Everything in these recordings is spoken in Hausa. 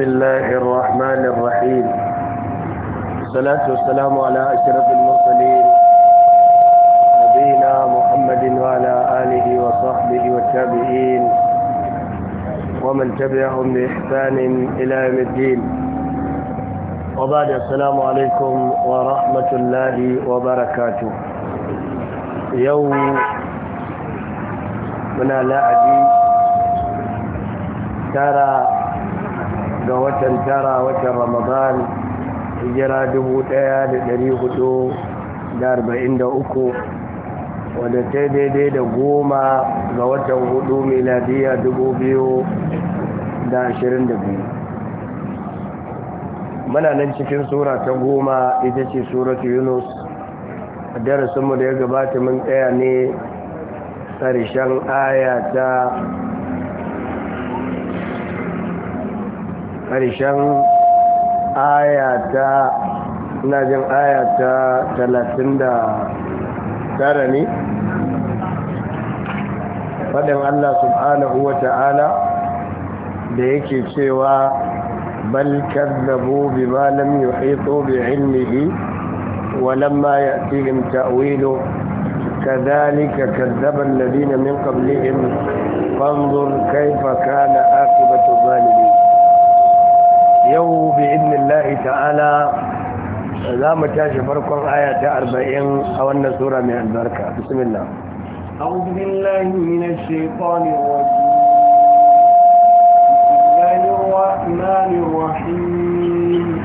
بسم الله الرحمن الرحيم الصلاة والسلام على أشرف المرسلين نبينا محمد وعلى آله وصحبه والتابعين ومن تبعهم بإحسان إلى يوم الدين وبعد السلام عليكم ورحمة الله وبركاته يوم من لا أدي ترى ga watan tara watan ramadan hijira 1443 wadda ta daidai da goma ga watan hudu miladiya 2022 muna nan cikin sura ta goma ita ce suratu yunus a darasinmu da ya gabata mun tsaya ne ƙarshen aya ta ƙarshen ayata ina jin ayata talatin da tara ne faɗin Allah subhanahu wa ta'ala da yake cewa bal kazzabu bima lam yuhitu bi ilmihi wa lamma ya'tihim ta'wilu kadhalika kazzaba alladhina min qablihim fanzur kayfa kana yau bi idnillahi ta'ala za mu tashi farkon aya ta 40 a wannan sura mai albarka bismillah أعوذ بالله من الشيطان الرجيم بسم الله الرحمن الرحيم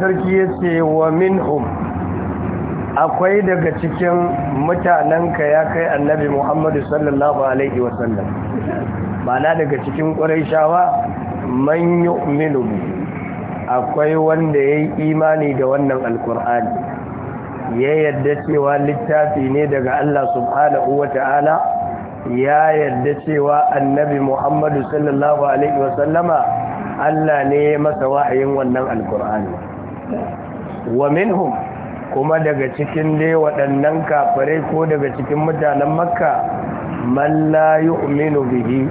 sarki ya ce wa minhum akwai daga cikin mutanenka ya kai annabi muhammadu sallallahu alaihi wasallam mana daga cikin shawa man yu'minu akwai wanda ya yi imani da wannan alkur'ani ya yadda cewa littafi ne daga allah subhanahu wa ta'ala ya yadda cewa annabi muhammadu sallallahu alaihi wasallama allah ne masa wa'ayin wannan alkur'ani wa minhum kuma daga cikin dai waɗannan kafirai ko daga cikin mutanen makka man la yu'minu bihi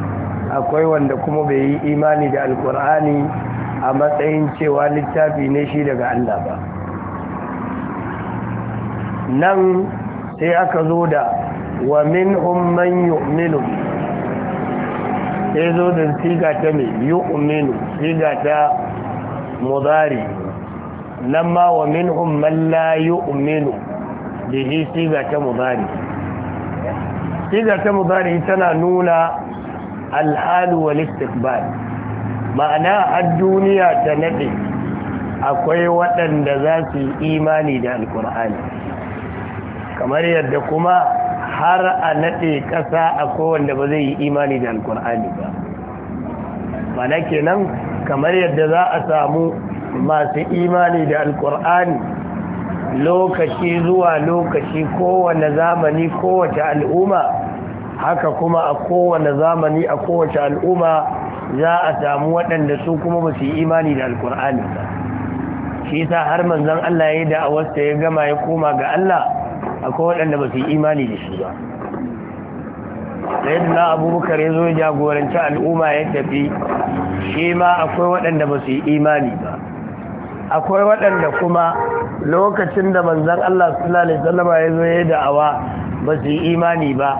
akwai wanda kuma bai yi imani da alkur'ani a matsayin cewa littafi ne shi daga Allah ba nan sai aka zo da wa minhum man yu'minu sai zo da siga ta mai yu'minu siga ta mudari nan ma wa minhum layu umminu da bihi siga ta mudari siga ta mudari tana nuna al'alu wal istiqbal ma'ana a duniya ta naɗe akwai waɗanda za su yi imani da Alƙur'ani, kamar yadda kuma har a naɗe ƙasa a kowanda ba zai yi imani da Alƙur'ani ba mana kenan kamar yadda za a samu masu imani da alkur'ani lokaci zuwa lokaci kowane zamani kowace al'umma haka kuma a kowane zamani a kowace al'umma za a samu waɗanda su kuma ba su yi imani da alkur'ani ba shi sa har manzan Allah ya da a wasta ya gama ya koma ga Allah akwai waɗanda ba su yi imani da shi ba da na abubakar ya zo jagoranci al'umma ya tafi shi ma akwai waɗanda ba su yi imani ba akwai waɗanda kuma lokacin da manzan Allah sallallahu alaihi ya zo ya da'awa ba su yi imani ba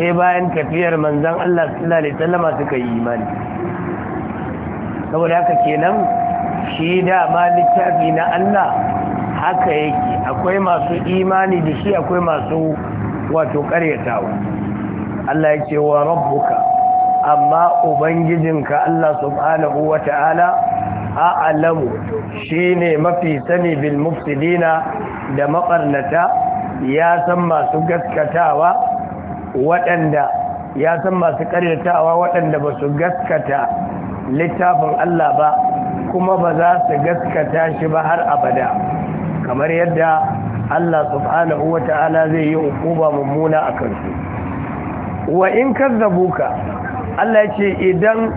sai bayan tafiyar manzan Allah sallallahu alaihi suka yi imani saboda haka kenan shi da ma littafi na Allah haka yake akwai masu imani da shi akwai masu wato karyatawa Allah ya ce wa rabbuka amma ubangijinka Allah subhanahu wa Ta'ala. shi shine mafi sani bil mufsidina da maƙarnata ya san masu gaskatawa waɗanda ya san masu ƙaryatawa waɗanda ba su gaskata littafin Allah ba kuma ba za su gaskata shi ba har abada kamar yadda Allah subhanahu wa ta'ala zai yi hukuma mummuna a kansu wa in kazzabuka Allah ce idan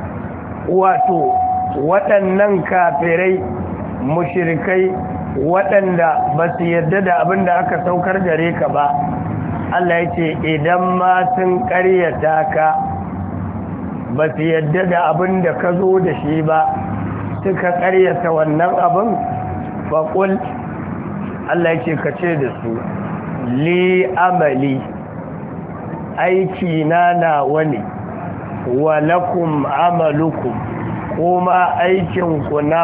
wato waɗannan kafirai mushirikai waɗanda ba su yarda da abin da aka saukar gare ka ba Allah ya idan ma sun ƙaryata ka ba su yarda da abin da ka zo da shi ba suka ƙaryata wannan abin faƙul Allah ya ce ka ce da su li amali aiki na nawa ne wa lakum amalukum kuma aikin ku ne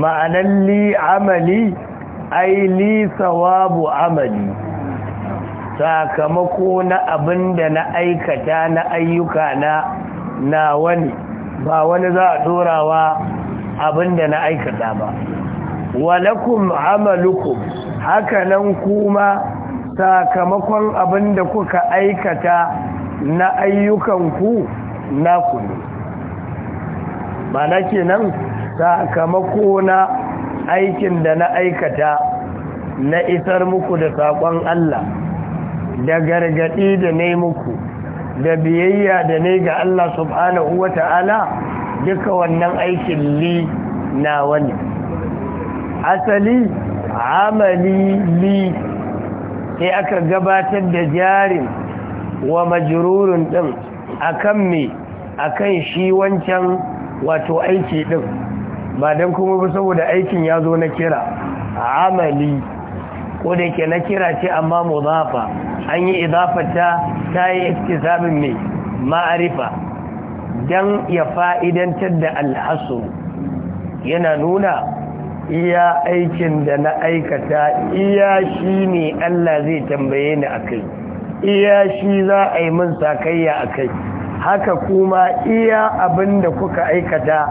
ma'anan li amali ai li sawabu amali sakamako na abin na aikata na ayyuka na na wani ba wani za a dorawa abin na aikata ba walakum amalukum hakanan kuma sakamakon abin da kuka aikata na ayyukanku na ne mana kenan sakamako na aikin da na aikata na isar muku da saƙon Allah da gargaɗi da ne muku da biyayya da ne ga Allah subhanahu Ta'ala, duka wannan aikin li na wani asali amali li sai aka gabatar da jarin wa majrurun din akan me akan shi wancan wato aiki din ba don kuma ba saboda aikin ya zo na kira a amali ko da ke na kira ce amma muzafa an yi izafata ta yi iktisabin mai ma'arifa don ya fa'idantar da alhasu yana nuna iya aikin da na aikata iya shi ne Allah zai tambaye ni a kai iya shi za a yi min sakayya a kai haka kuma iya abin da kuka aikata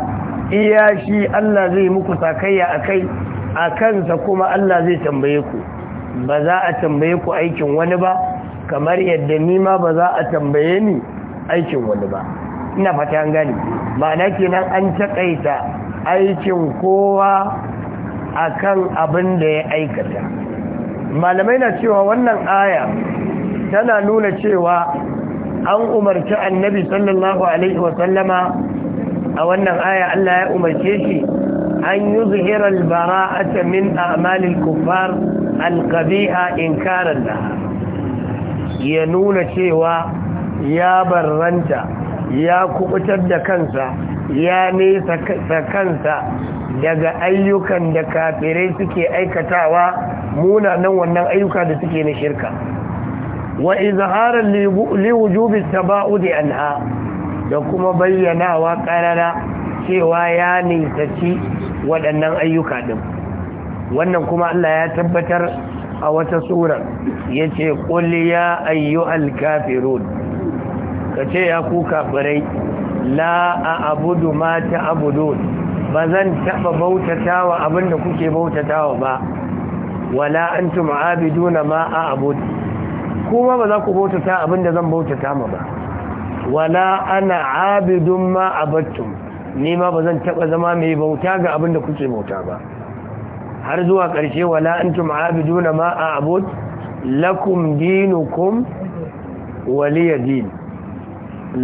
iya shi Allah zai muku sakayya a kai a kansa kuma Allah zai tambaye ku ba za a tambaye ku aikin wani ba kamar yadda nima ma ba za a tambaye ni aikin wani ba ina fata gani ma'ana kenan an taƙaita aikin kowa a kan abin da ya aikata malamai na cewa wannan aya tana nuna cewa an umarci annabi sallallahu alaihi wasallama a wannan aya Allah ya umarce shi an yi zuhirar bara'ata min amalin kufar alkabi'a inkarar da ya nuna cewa ya barranta ya kubutar da kansa ya nesa kansa daga ayyukan da kafirai suke aikatawa munanan wannan ayyuka da suke na shirka wa izharan ta wujubi taba'udi anha da kuma bayyanawa karara cewa ya nisaci waɗannan ayyuka din wannan kuma Allah ya tabbatar a wata sura yace qul ya ayyuhal kafirun kace ya kuka kafirai la a'budu ma ta'budun bazan taba bautatawa abinda kuke bautatawa ba wala antum aabiduna ma a'budu kuma ba za ku bautata abin da zan bautata ma ba wala ana abidun ma abattum ni ma ba zan taba zama mai bauta ga abin da kuke bauta ba har zuwa ƙarshe wala antum abiduna ma a abud lakum dinukum waliya din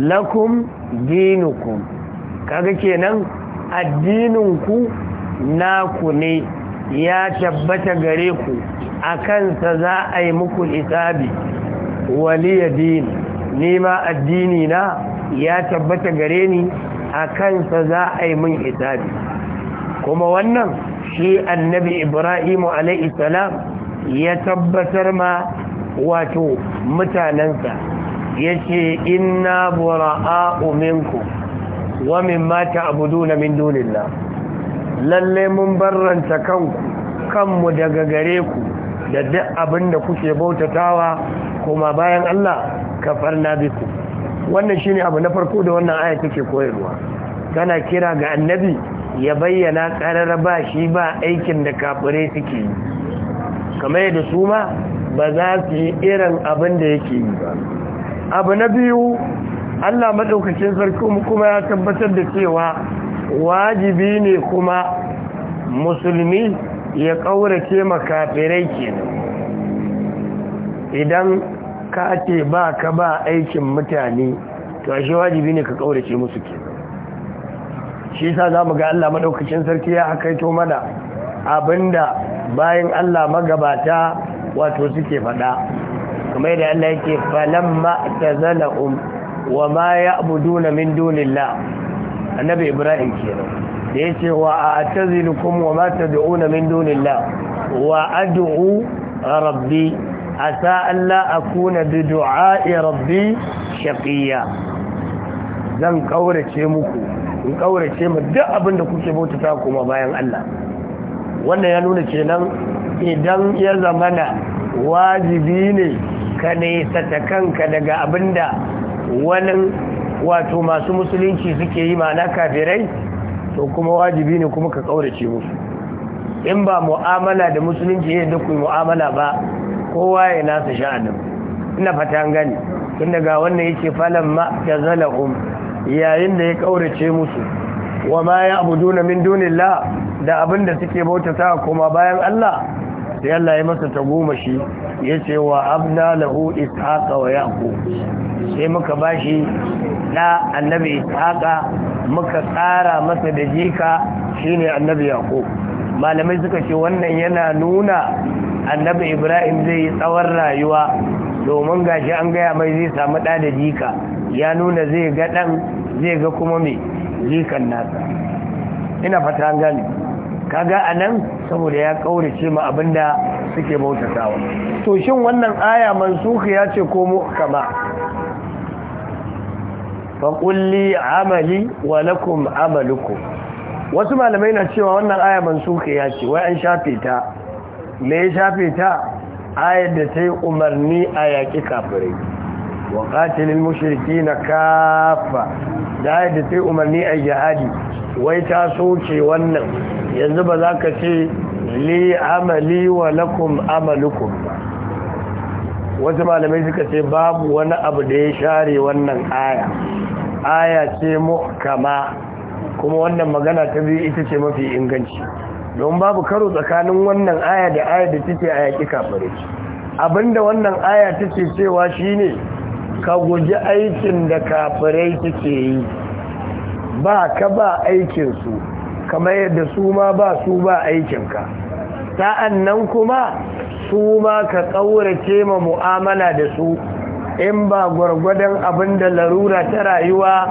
lakum dinukum kaga kenan addinin addininku naku ne ya tabbata gare ku Akan sa za a yi muku isabi waliya din nema addini na ya tabbata gare ni a kansa za a yi min hisabi kuma wannan shi annabi ibrahimu alaihi ya tabbatar ma wato mutanensa ya ce inna bura'a'u minku wa mimma ta'buduna min dunillah lalle mun barranta kanku kanmu daga gare ku da duk abin da kuke bautatawa koma bayan Allah bi biku wannan shine abu na farko da wannan aya take koyarwa Kana kira ga annabi ya bayyana karar ba shi ba aikin da kafirai suke yi kamar yadda su ma ba za su yi irin abin da yake yi ba abu na biyu Allah maɗaukacin sarki kuma ya tabbatar da cewa wajibi ne kuma musulmi ya ƙaurace makafirai kenan idan ka ce ba ka ba aikin mutane to a shi wajibi ne ka kaurace musu ke shi sa za mu ga Allah maɗaukacin sarki ya hakaito mana abinda bayan Allah magabata wato suke faɗa kuma yadda Allah yake falamma tazalahum wa ma ya'buduna min dunillah annabi Ibrahim kenan da yace wa a'tazilukum wa ma tad'una min dunillah wa ad'u rabbi asa Allah akuna bi du'a'i rabbi shaqiya zan kaurace muku in kaurace mu duk abin da kuke bautata kuma bayan Allah wannan ya nuna kenan idan ya zamana wajibi ne ka ne kanka daga abinda wani wato masu musulunci suke yi mana kafirai to kuma wajibi ne kuma ka kaurace musu in ba mu'amala da musulunci ne da ku mu'amala ba kowa ya nasa sha'anin ina fatan gani inda ga wannan yake falan ma ya zala um yayin da ya kaurace musu wa ma ya abuduna min dunillah da abinda suke bauta ta kuma bayan Allah sai Allah ya masa tagomashi yace wa abna lahu ishaqa wa yaqub sai muka bashi da annabi ishaqa muka tsara masa da jika shine annabi yaqub malamai suka ce wannan yana nuna annabi ibrahim zai yi tsawon rayuwa domin gashi an gaya mai zai samu ɗa da jika ya nuna zai ga ɗan zai ga kuma mai jikan nasa ina fata gani kaga a nan saboda ya kaurace ma abinda suke bautatawa to shin wannan aya mansuka ya ce ko ba? faƙulli amali wa lakum amalukum wasu malamai na cewa wannan aya mansuka ya ce wai an shafe ta me ya shafe ta ayar da ta yi umarni a yaƙi kafirai wa ƙatilin mashirki na kafa da ayar da ta umarni a jihadi wai ta soke wannan yanzu ba za ka ce li amali wa lakum amalukum ba wasu malamai suka ce babu wani abu da ya share wannan aya aya ce kama kuma wannan magana ta biyu ita ce mafi inganci don babu karo tsakanin wannan aya da aya da take a yaƙi kafare abinda wannan aya take cewa shine ka guji aikin da kafare suke yi ba ka ba aikinsu kamar yadda su ma ba su ba aikinka ka nan kuma su ma ka ƙaurace ma mu'amala da su in ba gwargwadon abin da larura ta rayuwa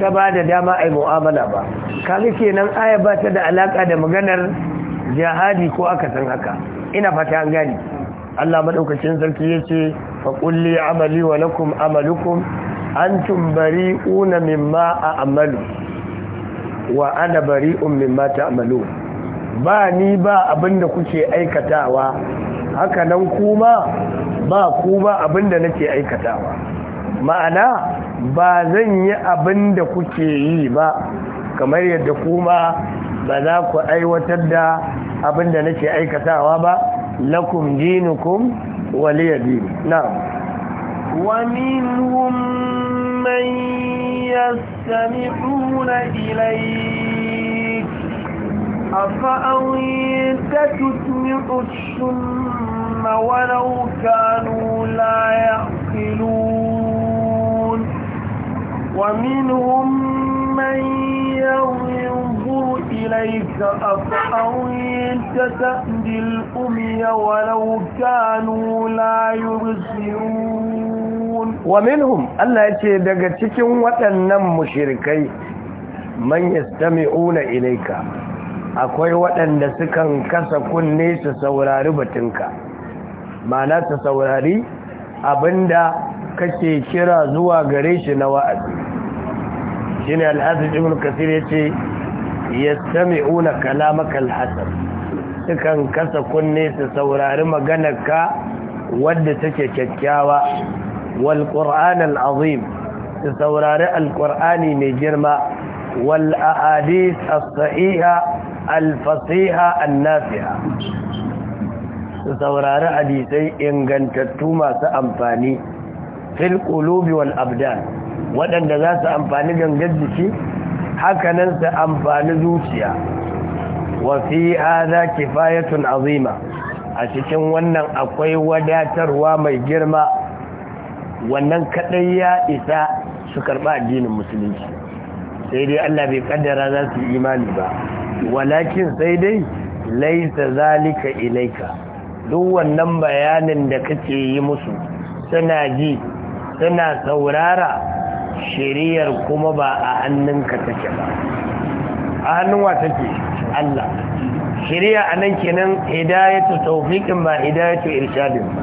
ta ba da dama a yi mu'amala ba kaga kenan aya ba ta da alaka da maganar jihadi ko aka san haka ina fata an gani Allah maɗaukacin sarki yace fa faƙulli amali wa lakum amalukum antum una mimma a'malu wa ana bari un mimma amalu ba ni ba abin da kuke aikatawa haka nan kuma ba kuma abinda nake aikatawa ma'ana ba zan yi abin da kuke yi ba kamar yadda kuma ba za ku aiwatar da abinda nake aikatawa ba lakum dinukum waliyadin na'am ومنهم man yastami'una ilayhi أفأنت تسمع الشم ولو كانوا لا يعقلون ومنهم من ينظر إليك أفأنت تأدي الأمي ولو كانوا لا يبصرون ومنهم الله يتدقى تكون وتنم مشركي من يستمعون إليك akwai waɗanda sukan kasa kunne su saurari batunka mana su saurari abinda kake kira zuwa gare shi na wa'azi shi ne ibn kasir ya ce ya sami una sukan kasa kunne su saurari maganarka wadda take kyakkyawa wal Al-Azim su saurari al'ƙur'ani mai girma والأحاديث alfasiha, الفصيحة النافعة saurari hadisai ingantattu masu amfani fil qulubi wal abdan waɗanda za su amfani gangar jiki hakanan su amfani zuciya wa fi hadha kifayatun azima a cikin wannan akwai wadatarwa mai girma wannan kadai ya isa su karɓa addinin musulunci sai dai Allah bai kaddara za su yi imani ba walakin sai dai laisa zalika ilaika duk wannan bayanin da kake yi musu suna ji suna saurara shiriyar kuma ba a hannunka take ba a hannun wa take Allah shari'a anan kenan hidayatu tawfiqin ba hidayatu irshadin ba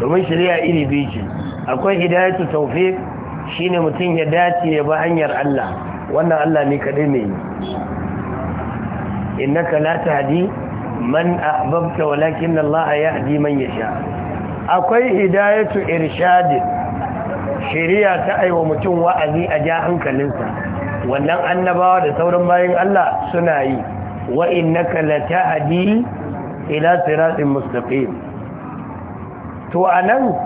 domin shari'a iri biyu ce akwai hidayatu tawfiq shine mutum ya dace ya ba hanyar Allah wannan Allah ne kadai mai yi naka la tahdi man ahbabta walakin Allah yahdi man yasha akwai hidayatu irshadin shari'a ta aiwa mutum wa'azi a ja hankalinsa wannan annabawa da sauran bayan Allah suna yi wa naka la tahdi ila siratin mustaqim to anan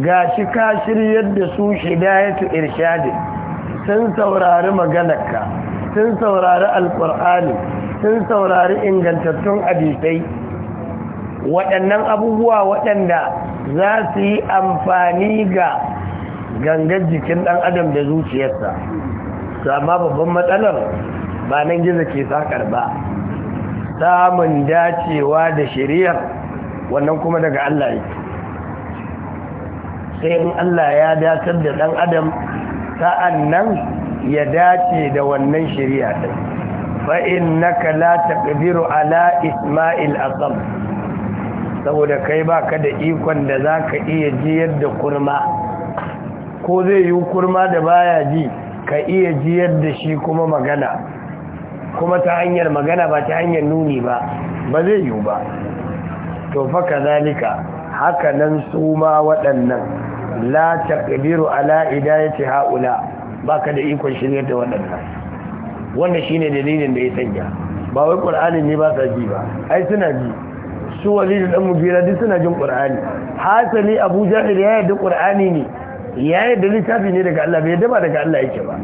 ga shi ka shiryar da su shidayatu Irshadi, sun saurari maganarka sun saurari alkur'ani sun saurari ingantattun hadisai waɗannan abubuwa waɗanda za su yi amfani ga gangar jikin ɗan adam da zuciyarsa amma babban matsalar ba nan gizo ke saƙar ba samun dacewa da shiriyar wannan kuma daga Allah yake sai in Allah ya datar da ɗan adam sa'an nan ya dace da wannan shari'a din fa innaka la taqdiru ala isma'il asam saboda kai baka da ikon da zaka iya jiyar da kurma ko zai yi kurma da baya ji ka iya jiyar da shi kuma magana kuma ta hanyar magana ba ta hanyar nuni ba ba zai yi ba to fa kazalika haka nan su ma waɗannan la taqdiru ala idayati haula baka da ikon shirye da waɗannan wanda shine dalilin da ya sanya ba wai qur'ani ne ba sa ji ba ai suna ji su walidu dan mubira duk suna jin qur'ani hasali abu jahil ya yarda qur'ani ne ya da littafi ne daga Allah bai daba daga Allah yake ba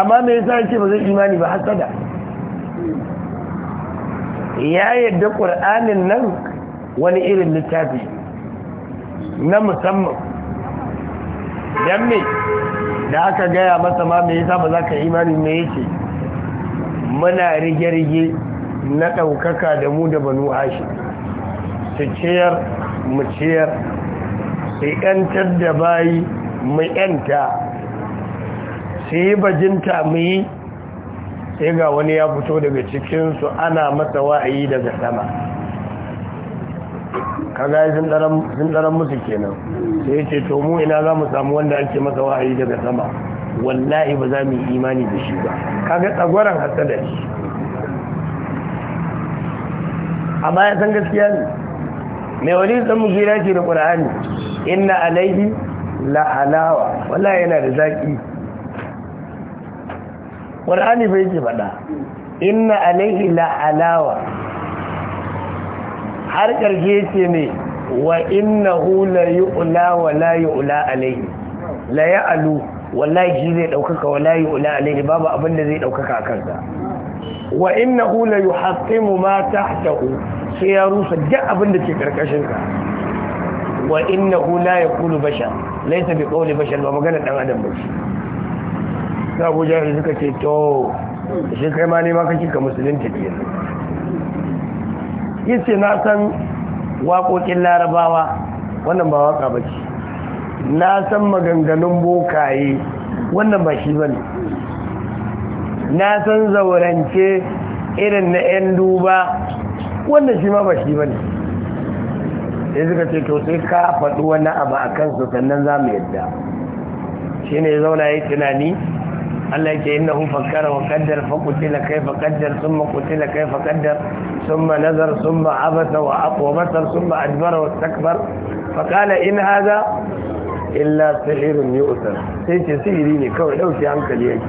amma me yasa yake ba zai imani ba hasada ya da qur'anin nan wani irin littafi na musamman don me da aka gaya masa ma mai yasa ba za ka imani me yake muna rige-rige na ɗaukaka da mu da banu hashi su ciyar mu ciyar su ‘yantar da bayi mu ‘yanta su yi bajinta mu yi sai ga wani ya fito daga cikinsu ana masa wa'ayi daga sama kaga sun ɗaran musu kenan sai ce to mu ina za mu samu wanda ake masa wa'ayi daga sama wallahi ba za mu yi imani da shi ba kaga tsagwaron hasada shi a baya san gaskiya ne mai wani san mu gira ce da ƙur'ani inna alaihi la'alawa wallahi yana da zaƙi ƙur'ani bai ce faɗa inna alaihi la'alawa har ƙarshe ce ne wa inna hula yi ula wa la yi ula alaihi la ya alu wallahi shi zai ɗaukaka wa la yi ula alaihi babu abin da zai ɗaukaka a kansa wa inna hula yi haƙimu ma ta tahu sai ya rusa duk abin da ke ƙarƙashinka wa inna hula ya kulu bashar laisa bi ƙauli bashar ba magana ɗan adam ba shi ta abuja suka ce to shi kai ma ne ma kake ka musulunta ke Yace ce na san waƙoƙin larabawa wannan ba waƙa ba ce na san maganganun bokaye wannan ba shi ba ne na san zaurance irin na 'yan duba wannan shi ma ba shi ba ne ya suka ce to sai ka faɗi wani abu a kansu sannan za mu yadda shi ne zauna ya tunani Allah ke yin na hun fakkara wa kaddar kutila kai faƙaddar sun kutila kai faƙaddar ثم نذر ثم عبس وبصر ثم أدبر واستكبر فقال إن هذا إلا سحر يؤثر سيتي سيريني كوي لوكي عنك ليك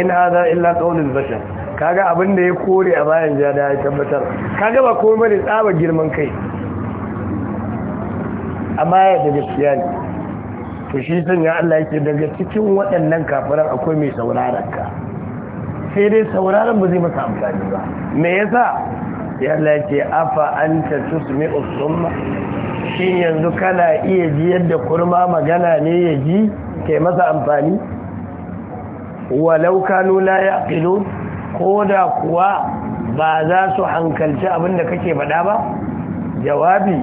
إن هذا إلا قول البشر kaga abin da ya kore a bayan jada ya tabbatar kaga ba komai bane tsaba girman kai amma ya da gaskiya ne to shi sun ya Allah yake daga cikin waɗannan kafiran akwai mai sauraron ka sai dai sauraron ba zai masa amfani ba me yasa ya Allah afa afa anta tusmi usumma shin yanzu kana iya ji yadda kurma magana ne ya ji ke masa amfani walau kanu la ko da kuwa ba za su hankalci abin da kake faɗa ba jawabi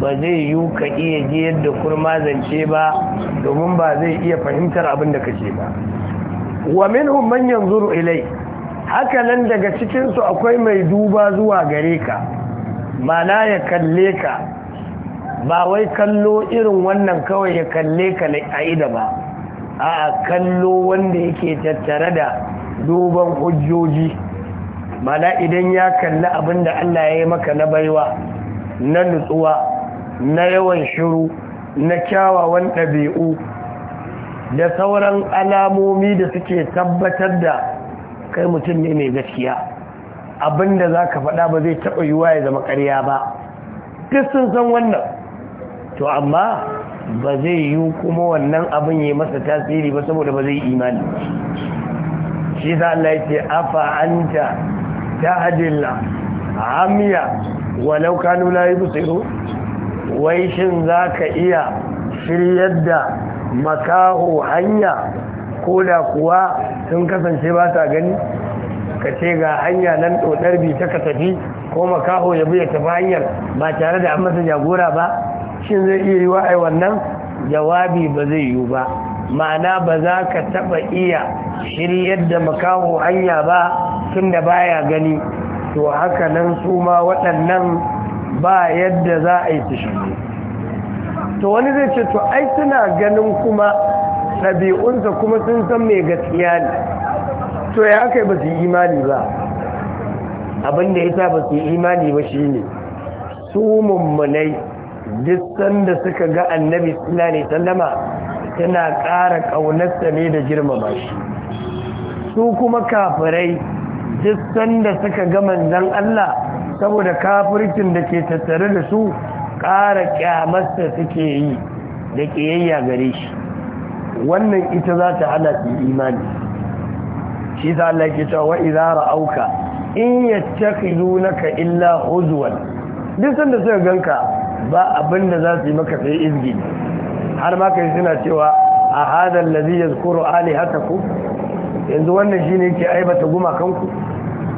ba zai yi ka iya ji yadda kurma zance ba domin ba zai iya fahimtar abin da kake ba wa minhum man yanzuru ilai haka nan daga cikinsu akwai mai duba zuwa gare ka mana ya kalle ka ba wai kallo irin wannan kawai ya kalle ka a ida ba a kallo wanda yake tattare da duban hujjoji mana idan ya kalli abin da Allah ya yi maka na baiwa na nutsuwa na yawan shiru na kyawawan ɗabi'u da sauran alamomi da suke tabbatar da kai mutum ne mai gaskiya abinda za ka faɗa ba zai taɓa yiwa ya zama ƙarya ba duk sun san wannan to amma ba zai yi kuma wannan abin ya masa tasiri ba saboda ba zai imani shi za Allah ya ce afa anta ta adilla amiya walau kanu wai shin za ka iya shiryar da makaho hanya ko da kuwa sun kasance ba ta gani ka ce ga hanya nan ɗoɗar bi ta ka tafi ko makaho ya biya tafi hanyar ba tare da an masa jagora ba shin zai iya yi wa'ai wannan jawabi ba zai yiwu ba ma'ana ba za ka taɓa iya shiryar da makaho hanya ba tun da baya gani to haka nan su ma waɗannan ba yadda za a yi su shirye to wani zai ce to ai suna ganin kuma ɗabi'unsa kuma sun san mai gaskiya ne to ya kai ba su yi imani ba abinda ya sa ba su yi imani ba shi ne su mummunai duk sanda suka ga annabi suna ne sallama tana ƙara ƙaunarsa ne da girmama shi su kuma kafirai duk sanda suka ga manzan Allah saboda kafircin da ke tattare da su ƙara ƙyamarsa suke yi da ƙiyayya gare shi wannan ita za ta hana su imani shi sa Allah ke cewa izara auka in ka ka illa huzwan duk sanda suka ganka ba abin da za su yi maka sai izgi har ma yi suna cewa a hadha ali haka ku yanzu wannan shi ne yake aibata gumakanku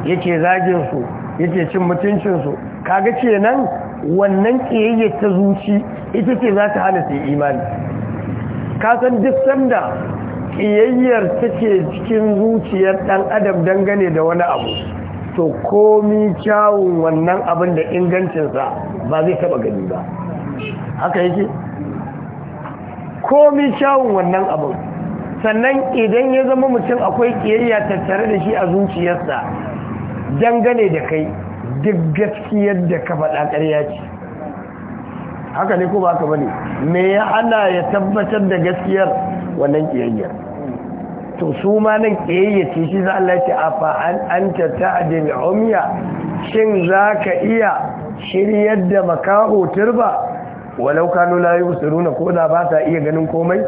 yake zagin yake cin mutuncinsu. Ka kaga ce wannan ƙiyayya ta zuci ita ce za ta hana su imani kasan duk sanda ƙiyayyar take cikin zuciyar ɗan adam dangane da wani abu to komi kyawun wannan abin da ingancinsa ba zai taɓa gani ba haka yake komi kyawun wannan abin sannan idan ya zama mutum akwai ƙiyayya tattare da shi a zuciyarsa dangane da kai duk gaskiyar da ka faɗa ƙarya ce haka ne ko ba ka bane me ya ana ya tabbatar da gaskiyar wannan kiyayyar to su ma nan kiyayya ce shi za Allah ya ce afa an ta ta'dil umya shin za ka iya shiryar da makaho turba walau kanu la yusiruna ko da ba ta iya ganin komai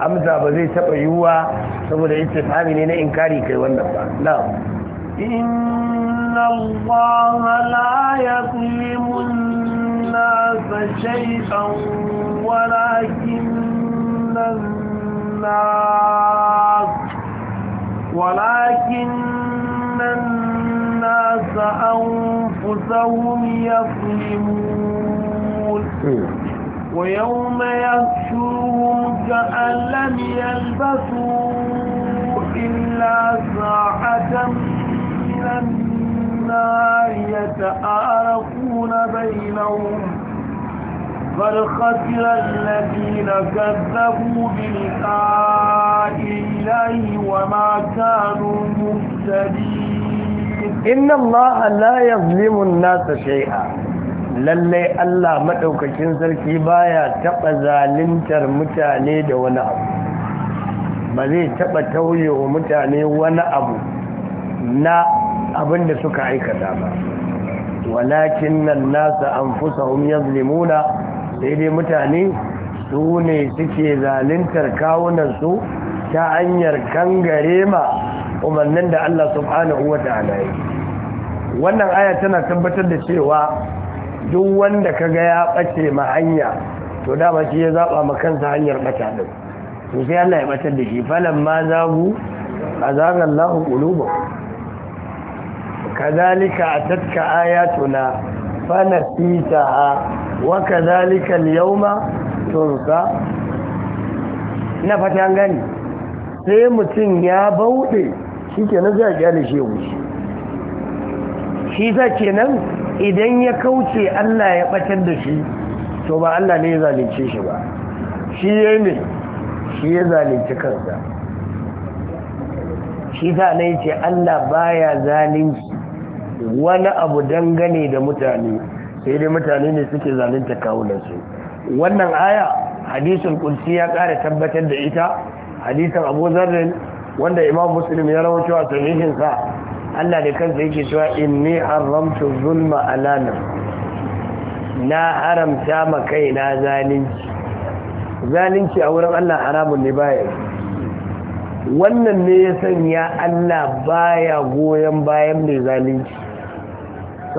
amsa ba zai taɓa yiwuwa saboda sami ne na inkari kai wannan ba na'am إن الله لا يظلم الناس شيئا ولكن الناس ولكن الناس أنفسهم يظلمون ويوم يحشرهم كأن لم يلبثوا إلا ساعة من النار يتآرقون بينهم فالخسر الذين كذبوا بلقاء الله وما كانوا مهتدين إن الله لا يظلم الناس شيئا lallai Allah maɗaukakin sarki baya taɓa zaluntar mutane da wani abu ba zai taɓa tauye wa mutane wani abu na abin da suka aikata ba walakin nan nasa an fusa yazlimuna sai dai mutane su ne suke zalintar kawunansu ta hanyar kangare ma umarnin da Allah subhanahu wa ta'ala yi wannan aya tana tabbatar da cewa duk wanda ga ya ɓace ma hanya to dama shi ya zaba ma kansa hanyar ɓata din to sai Allah ya batar da shi falan ma zagu a Allah qulubuhum Kazalika وكذلك أتتك آياتنا فنسيتها وكذلك اليوم تنسى نفت عن غني sai mutum ya bauɗe shi kenan za shi kyale shehu shi za nan, idan ya kauce Allah ya ɓatar da shi to ba Allah ne ya zalunce shi ba shi ya ne shi ya zalunci kansa shi sa ne ce Allah baya zalunci wani abu dangane da mutane sai dai mutane ne suke zalunta su. wannan aya hadisun kunci ya kare tabbatar da ita hadisun abu zarrin wanda imam musulmi ya rawaito a sahihin sa Allah da kansa yake cewa inni haramtu zulma ala na haramta ma kaina zalunci zalunci a wurin Allah haramun ne baya wannan ne ya sanya Allah baya goyon bayan mai zalunci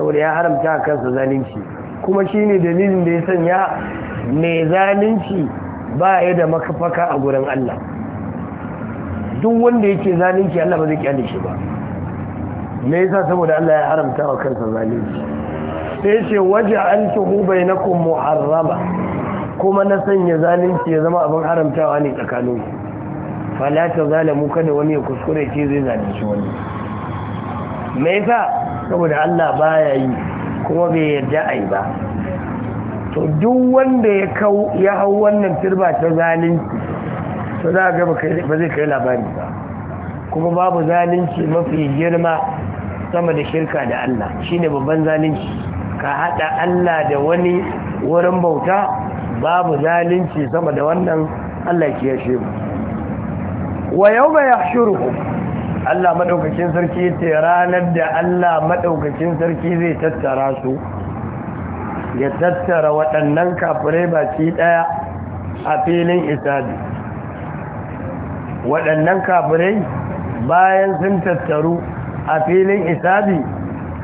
saboda ya haramta kansa zalunci kuma shi ne dalilin da ya sanya mai zalunci ba ya da makafaka a gurin Allah duk wanda yake zalunci Allah ba zai kyale shi ba me yasa saboda Allah ya haramta wa kansa zalunci sai ce waje an tuhu kun muharrama kuma na sanya zalunci ya zama abin haramtawa ne tsakanin fala ta zalamu kada wani ya kuskure ce zai zalunci wani me yasa saboda Allah baya yi kuma bai yarda a yi ba to duk wanda ya kau ya hau wannan turba ta zalunci to za ga ba zai kai labari ba kuma babu zalunci mafi girma sama da shirka da Allah shine babban zalunci ka hada Allah da wani wurin bauta babu zalunci sama da wannan Allah ya kiyashe mu wa yawma yahshuruhum Allah madaukakin sarki ce ranar da Allah madaukakin sarki zai tattara su ya tattara waɗannan kafirai ci ɗaya a filin isabi waɗannan kafirai bayan sun tattaru a filin isadi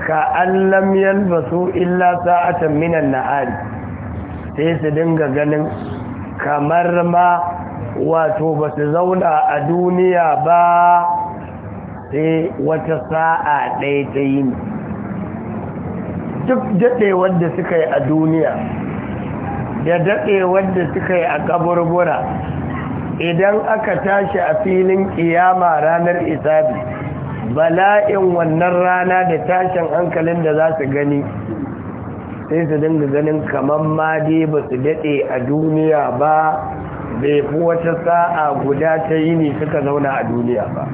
ka allam yalbasu illa sa'atan minan na'ari sai su dinga ganin kamar ma wato ba su zauna a duniya ba sai wata sa'a ɗaya ta yi duk daɗe wanda suka yi a duniya da daɗe wanda suka yi a kaburbura idan aka tashi a filin ƙiyama ranar isabi bala'in wannan rana da tashin hankalin da za su gani sai su dinga ganin kamar ma dai ba su daɗe a duniya ba bai fi wata sa'a guda ta yini suka zauna a duniya ba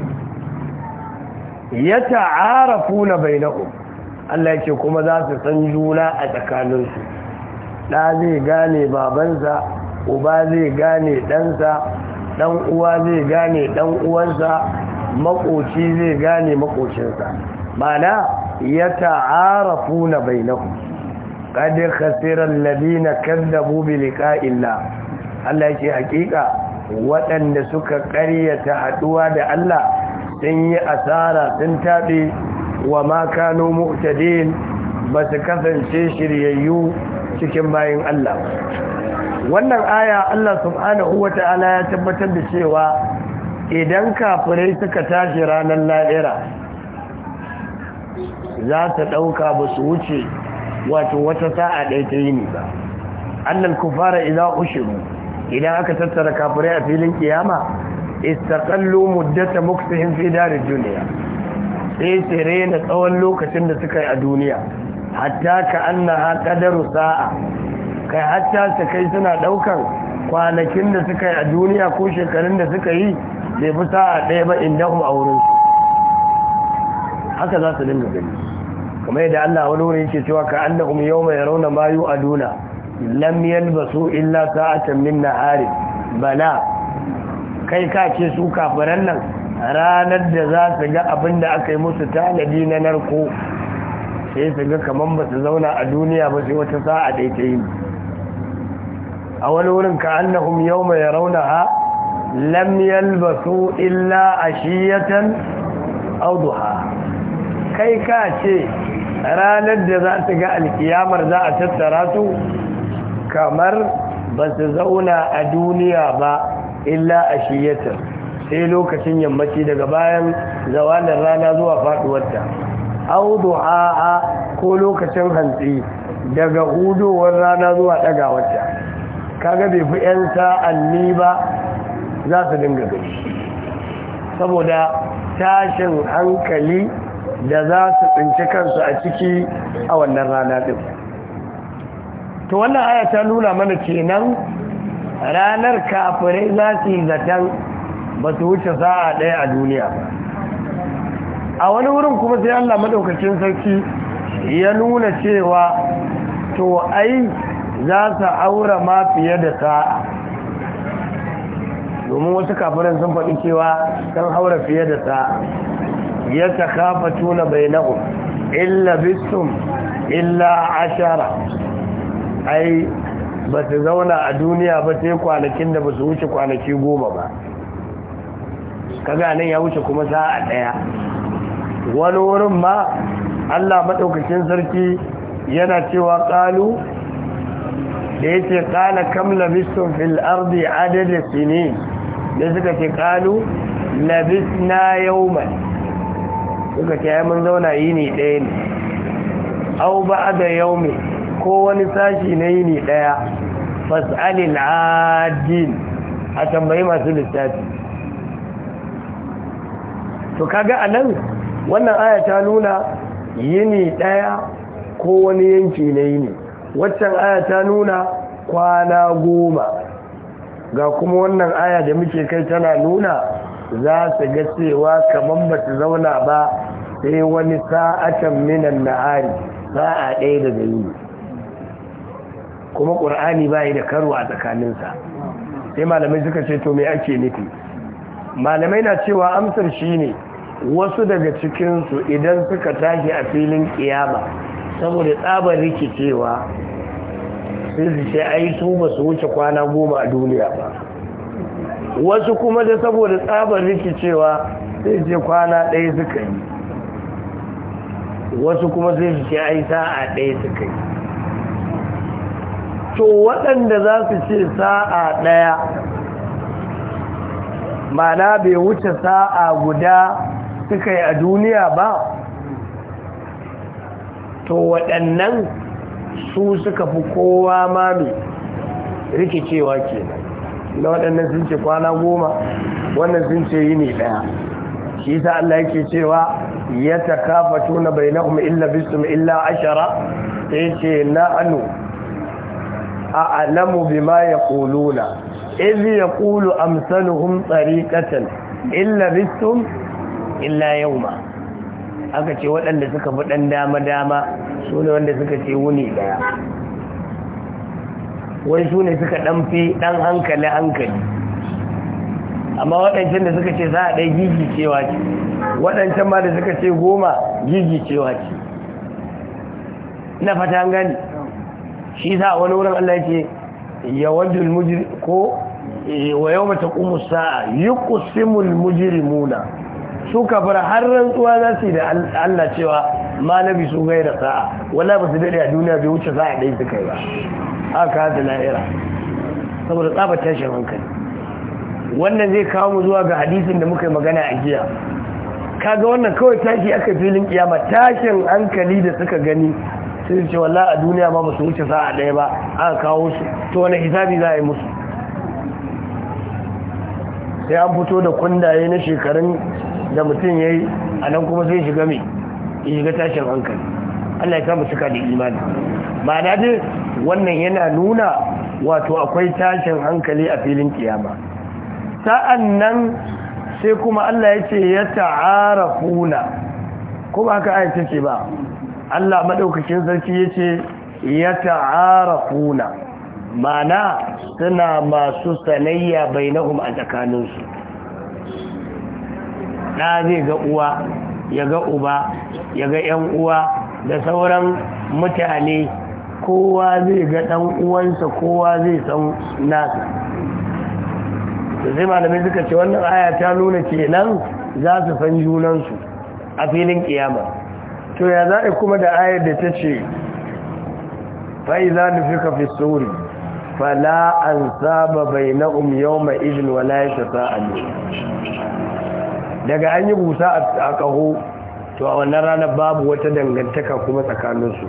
ya ta'arafu na bainahu Allah ce kuma za su san juna a tsakaninsu ɗa zai gane babansa uba zai gane ɗansa ɗan uwa zai gane ɗan uwansa makoci zai gane makocinsa mana ya ta'arafu na bainahu ƙadin khasirar labina kan bi bilika illa Allah ce hakika waɗanda suka ƙaryata haɗuwa da Allah sun yi asara sun taɓe wa makano mu'tadin ba su kasance shiryayyu cikin bayan Allah wannan aya Allah subhanahu wa ta'ala ya tabbatar da cewa idan kafirai suka tashi ranar la'ira za ta ɗauka ba su wuce wato wata sa'a ɗaya ta ne ba annal kufara idan ushiru idan aka tattara kafirai a filin kiyama istaqallu muddata muksihim fi darid dunya sai tsere na tsawon lokacin da suka yi a duniya hatta ka annaha qadaru sa'a kai hatta su kai suna daukan kwanakin da suka yi a duniya ko shekarun da suka yi bai fi sa'a ɗaya ba indahum a wurin su haka za su dinga gani kamar yadda Allah wani wurin yake cewa ka annahum yawma yarawna ma yu'aduna lam yalbasu illa sa'atan min nahari bala kai ka ce su kafiran nan ranar da za su ga abinda aka yi musu tanadi na narko sai su ga kamar ba su zauna a duniya ba sai wata sa'a ɗai ta yi a wani wurin ka annahum yau mai rauna ha lam yalbasu illa ashiyatan auduha kai ka ce ranar da za su ga alkiyamar za a tattara su kamar ba su zauna a duniya ba illa a shiyatar, sai lokacin yammaci daga bayan zawalin rana zuwa faduwarta au a'a ko lokacin hantsi daga hudowar rana zuwa dagawarta kaga bai fi 'yan sa'anni ba za su dinga gani saboda tashin hankali da za su tsinci kansu a ciki a wannan rana ɗin to wannan aya ta nuna mana kenan ranar kafirai za su yi zaton ba su wuce sa'a ɗaya a duniya a wani wurin kuma sai allah maɗaukacin sarki ya nuna cewa to ai za su aura ma fiye da sa'a domin wasu kafirin sun faɗi cewa sun haura fiye da sa'a ya ta kafa tuna bai na'u illa bisum illa ashara ai ba su zauna a duniya ba sai kwanakin da ba su wuce kwanaki goma ba kaga nan ya wuce kuma sa'a ɗaya wani wurin ma allah maɗaukacin sarki yana cewa ƙalu da ya ce ƙala kam labistun fil ardi adada sini da suka ce ƙalu labisna mai suka ce ya mun zauna yini ɗaya ne au ba da mai ko wani sashi na yini ɗaya fasalin adin a tambayi masu lissafi to kaga a nan wannan aya ta nuna yini ɗaya ko wani yanki na yini waccan aya ta nuna kwana goma ga kuma wannan aya da muke kai tana nuna za su ga cewa kamar ba su zauna ba sai wani sa'atan minan na'ari sa'a ɗaya daga yini kuma ƙur'ani ba da karo a tsakaninsa sai malamai suka ce to me ake nufi malamai na cewa amsar shi ne wasu daga cikinsu idan suka tashi a filin kiyama saboda tsabar rikicewa sai su ce ai su ba su wuce kwana goma a duniya ba wasu kuma da saboda tsabar rikicewa sai ce kwana ɗaya suka yi wasu kuma sai su ce ai sa'a ɗaya suka yi to waɗanda za su ce sa'a ɗaya mana bai wuce sa'a guda suka yi a duniya ba to waɗannan su suka fi kowa mami rikicewa kenan na waɗannan sun ce kwana goma wannan sun ce yi ne ɗaya shi sa Allah yake cewa ya ta kafa tuna bai na kuma illa bisu illa ashara sai ce na'anu a'lamu bima yaquluna idh yaqulu amsaluhum tariqatan illa bisum illa yawma aka ce waɗanda suka fi ɗan dama-dama su ne wanda suka ce wuni ɗaya wai su ne suka ɗan fi ɗan hankali-hankali amma waɗancan da suka ce za a ɗai gigi cewa ce waɗancan ma da suka ce goma gigi cewa ce na fata gani shi za a wani wurin Allah yake ya wajul ko eh, wa kumusa yi kusimun mujiri muna su kafar har rantsuwa za su yi da Allah cewa ma bi su da sa'a wala ba su dade a duniya bai wuce sa'a ɗai su kai ba haka da lahira saboda tsaba tashin hankali wannan zai kawo mu zuwa ga hadisin da muka yi magana a jiya kaga wannan kawai tashi aka filin kiyama tashin hankali da suka gani sai ce wallah a duniya ma ba su wuce sa'a ɗaya ba a kawo su to wani hisabi za a yi musu sai an fito da kundaye na shekarun da mutum ya yi a nan kuma sai shiga mai shiga tashin hankali allah ya kama suka da imani ba na dai wannan yana nuna wato akwai tashin hankali a filin kiyama sa'an nan sai kuma allah ya ce ya ta'ara kuna kuma haka ayyata ce ba Allah madaukakin sarki yace ya ta'ara ta'arafuna mana suna masu sanayya bainahum a tsakaninsu da zai ga uwa ya ga uba ya ga yan uwa da sauran mutane kowa zai ga ɗan uwansa kowa zai san nasa sai malamai suka ce wannan aya ta nuna kenan za su san junansu a filin kiyama to ya za'i kuma da ayar da ta ce fa'iza nufika fi suri fala an saba bai na yau mai izin wala ya ta daga an yi busa a kaho to a wannan ranar babu wata dangantaka kuma tsakaninsu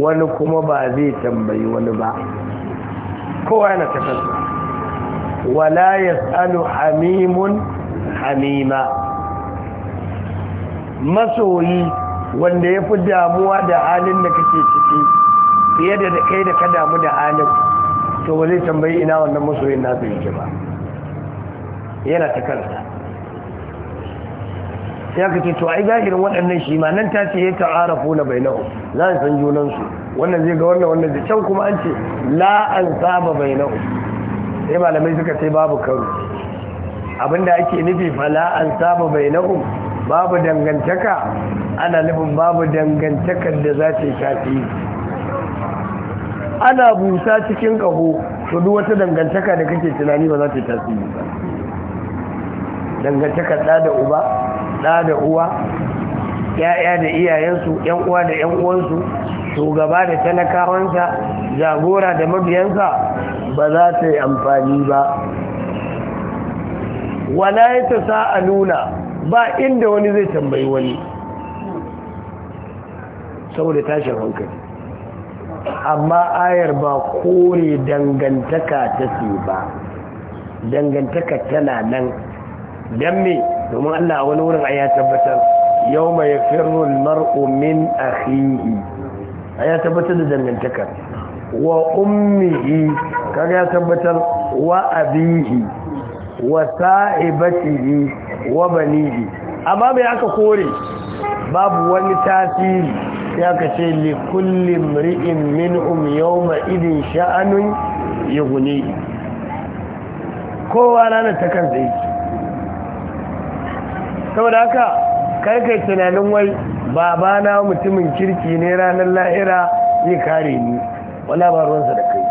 wani kuma ba zai tambayi wani ba kowa yana tafasa wala ya tsalo hamimun hamima masoyi wanda ya fi damuwa da halin da kake ciki fiye da kai da ka damu da halin to ba zai tambayi ina wannan masoyin nasu yake ba yana ta kansa sai aka ce to ai zahirin waɗannan shi ma nan ta ce ya ta'arafu na bainahu za su san junansu wannan zai ga wannan wannan da can kuma an ce la an saba bainahu sai malamai suka ce babu karo abinda ake nufi fa la an saba bainahu babu dangantaka ana nufin babu dangantakar da za ta yi shafi ana busa cikin ƙaho to duk wata dangantaka da kake tunani ba za ta yi tasiri ba dangantakar ɗa da uba ɗa da uwa ya'ya da iyayensu yan uwa da yan uwansu shugaba da talakawansa jagora da mabiyansa ba za ta yi amfani ba wala ya ta nuna ba inda wani zai tambayi wani saboda tashin hankali amma ayar ba kore dangantaka ta take ba dangantaka tana nan don me domin Allah wani wurin a ya tabbatar yau mai firin mar'umin a A ya tabbatar da dangantakar wa ummihi kaga ya tabbatar wa abihi wa sa'ibatihi wa banihi amma mai aka kore babu wani tasiri Ya ka ce li kulli mri'in minhum yawma idin sha'anun yuguni. kowa ranar ta kansa yake saboda haka karkai tunanin wai babana mutumin kirki ne ranar lahira zai kare ni wala ba ruwansa da kai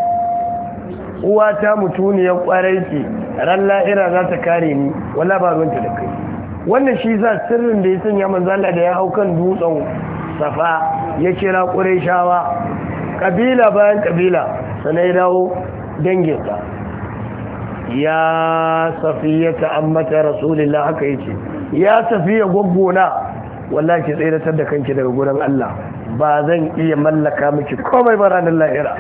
uwa ta mutuniyar kwarai ce ran lahira za ta kare ni wala ba ruwanta da kai wannan shi za sirrin da ya sanya manzala da ya hau dutsen safa ya kira ƙurishawa ƙabila bayan ƙabila sanai dawo danginsa ya safiya ta'ammata rasulillah haka ya ce. ya safiya gwaggona wallahi ki tsiratar da kanki daga gurin Allah ba zan iya mallaka miki komai ba ranar lahira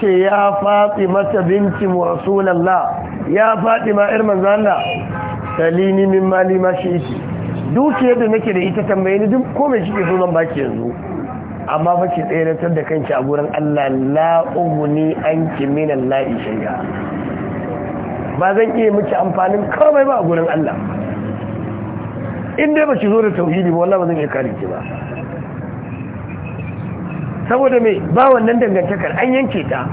ce ya mata binci mu rasulullah ya faɗi ma zanna salini min mali mashi shi dukiyar da nake da ita tambaye ni duk komai shi ke so zan baki yanzu amma fa ki tsayar da kanki a gurin Allah la ughni anki min Allah shay'a ba zan iya miki amfanin komai ba a gurin Allah in dai ba ki zo da tauhidi ba wallahi ba zan iya kare ki ba saboda me ba wannan dangantakar an yanke ta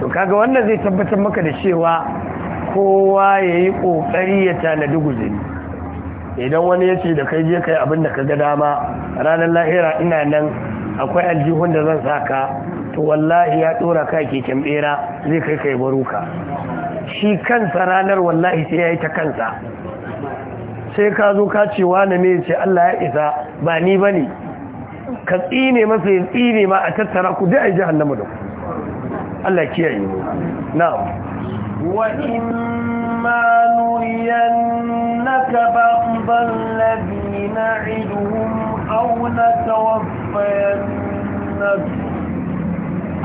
to kaga wannan zai tabbatar maka da cewa kowa ya yi ƙoƙari ya tanadi guzuri idan wani ya ce da kai je kai abin da ka ga dama ranar lahira ina nan akwai aljihun da zan sa ka to wallahi ya ɗora ka keken bera zai kai kai baruka shi kansa ranar wallahi sai ya yi ta kansa sai ka zo ka ce wani ne ce Allah ya isa ba ni ba ne ka tsine masa ya tsine ma a tattara ku dai a yi namu da ku Allah kiyaye na'am وإما نرينك بعض الذي نعدهم أو نتوفينك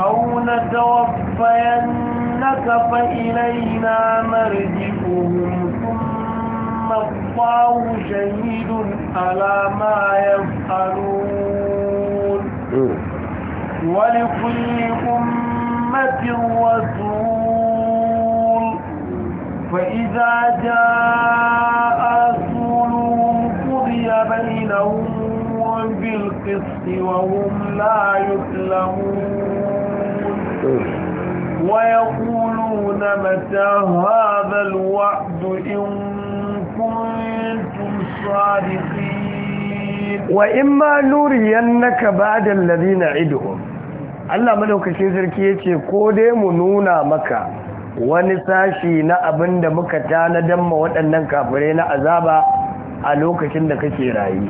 أو نتوفينك فإلينا مرجعهم ثم الله شهيد على ما يفعلون ولكل أمة رسول فإذا جاء رسولهم قضي بينهم بالقسط وهم لا يسلمون ويقولون متى هذا الوعد إن كنتم صادقين وإما نرينك بعد الذين عدهم Allah madaukakin sarki yace ko dai mu nuna maka wani sashi na abin da muka tana damma waɗannan kafirai na azaba a lokacin da kake rayu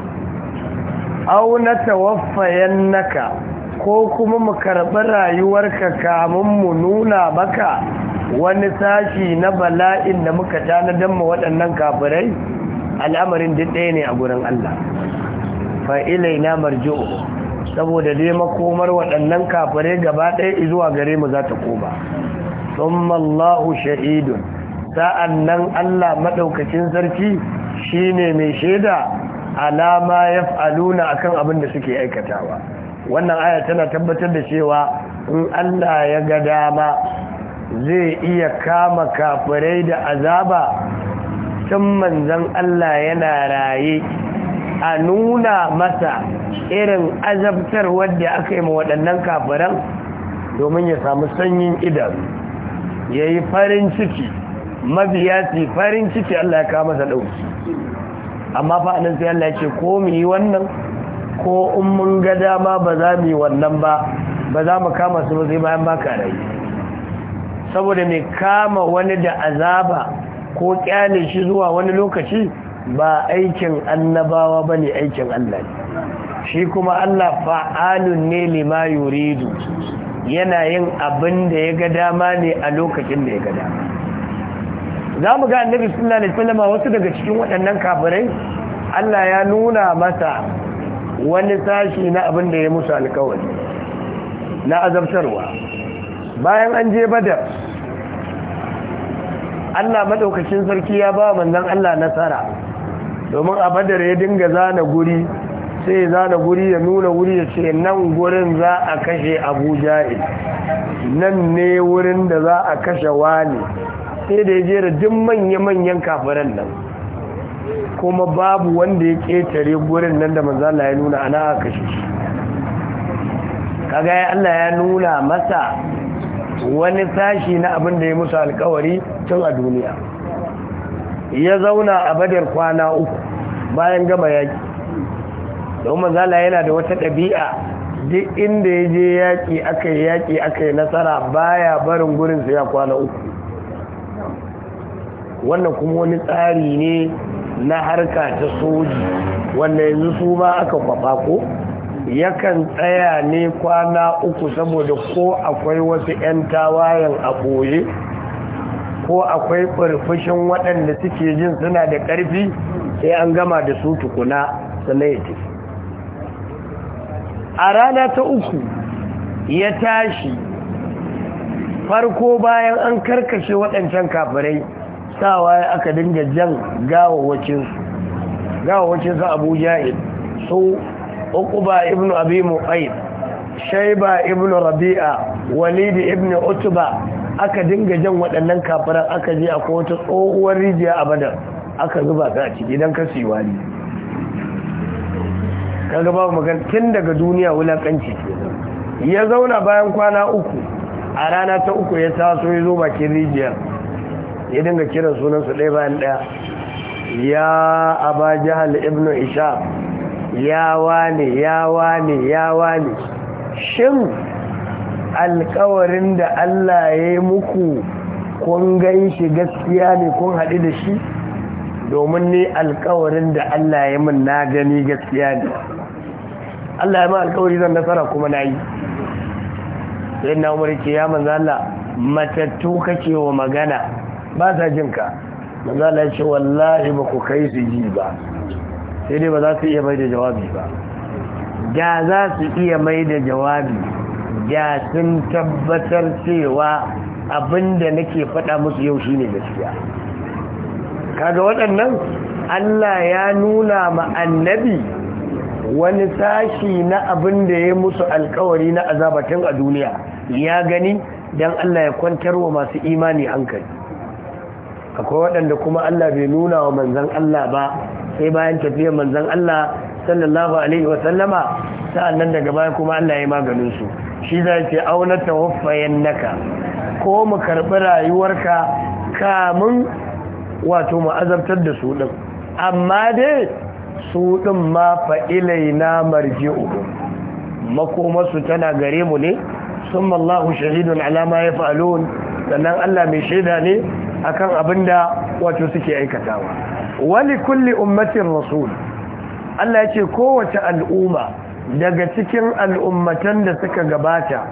au na tawaffayan naka ko kuma mu karɓi rayuwarka kamun mu nuna maka wani sashi na bala'in da muka tanadan damma waɗannan kafirai al'amarin duk ɗaya ne a gurin Allah fa'ilai na marjo saboda dai makomar waɗannan kafirai gaba ɗaya zuwa gare mu za ta koma thumma Allahu shahidun sa'annan Allah madaukakin sarki shine mai shaida alama yaf'aluna akan abin da suke aikatawa wannan aya tana tabbatar da cewa in Allah ya ga dama zai iya kama kafirai da azaba tun manzon Allah yana raye a nuna masa irin azabtar wanda aka yi ma waɗannan kafiran domin ya samu sanyin idanu ya yi farin ciki mabiya farin ciki Allah ya kama masa ɗauki amma fa'anin sai Allah ya ce ko mu yi wannan ko in mun ga dama ba za mu yi wannan ba ba za mu kama su ba sai bayan ba ka rai saboda mai kama wani da azaba ko ƙyale shi zuwa wani lokaci ba aikin annabawa ba ne aikin Allah shi kuma Allah fa'alun ne lima yuridu yana yin abin da ya ga dama ne a lokacin da ya ga dama za mu ga annabi sallallahu alaihi wasallam wasu daga cikin waɗannan kafirai Allah ya nuna masa wani sashi na abin da ya musu alkawari na azabtarwa bayan an je badar Allah madaukakin sarki ya ba manzon Allah nasara domin a badar ya dinga zana guri sai ya zana guri ya nuna wuri ya ce nan gurin za a kashe abu ja'i nan ne wurin da za a kashe wani sai da ya jera duk manya-manyan kafiran nan kuma babu wanda ya ƙetare gurin nan da manzala ya nuna ana a kashe shi kaga ya Allah ya nuna masa wani sashi na abin da ya musu alkawari tun a duniya ya zauna a badar kwana uku bayan gama yaki don manzala yana da wata ɗabi'a duk inda ya je yaƙi aka yi yaƙi aka yi nasara baya barin gurin su ya kwana uku wannan kuma wani tsari ne na harka ta soji wanda yanzu su ba aka kwafa ko yakan tsaya ne kwana uku saboda ko akwai wasu 'yan tawayen a ɓoye ko akwai ɓarfashin waɗanda suke jin suna da ƙarfi sai an gama da su tukuna sannan ya tafi a rana ta uku ya tashi farko bayan an karkashe waɗancan kafirai sawa ya aka dinga jan su abu ja'id su ba ibn abi muqayyid shaiba ibn rabi'a walid ibn utba aka dinga jan waɗannan kafirai aka je akwai wata tsohuwar rijiya a Badan aka zuba ta ciki don kasiwa ne kaga babu magan tun daga duniya wulakanci ya zauna bayan kwana uku a rana ta uku ya taso ya zo bakin rijiyar ya dinga kiran sunansu ɗaya bayan ɗaya ya aba jihar ibn isha ya wane ya wane ya wane shin alkawarin da allah ya yi muku kun gan shi gaskiya ne kun haɗu da shi domin ne alkawarin da allah ya min na gani gaskiya ne Allah ya ma alƙawari zan nasara kuma na yi sai na umar ke ya manzo Allah matattu kake wa magana ba sa jin ka manzo Allah ya ce wallahi ba ku kai su ji ba sai dai ba za su iya mai da jawabi ba da za su iya mai da jawabi da sun tabbatar cewa abinda nake faɗa musu yau shine gaskiya kaga waɗannan Allah ya nuna ma annabi wani sashi na abin da ya musu alkawari na azabatin a duniya ya gani don Allah ya kwantar wa masu imani hankali akwai waɗanda kuma Allah bai nuna wa manzan Allah ba sai bayan tafiya manzan Allah sallallahu alaihi wasallama sa'an nan daga baya kuma Allah ya maganin su shi za ce auna wafayen naka ko mu karɓi rayuwarka kamun wato mu azabtar da su ɗin amma dai su ɗin ma fa'ilai na marji'u makomarsu tana gare mu ne sun mallahu shahidun alama ya fa'alon sannan Allah mai shaida ne akan abin da wato suke aikatawa wani kulli ummatin rasul Allah ya ce kowace al'umma daga cikin al'ummatan da suka gabata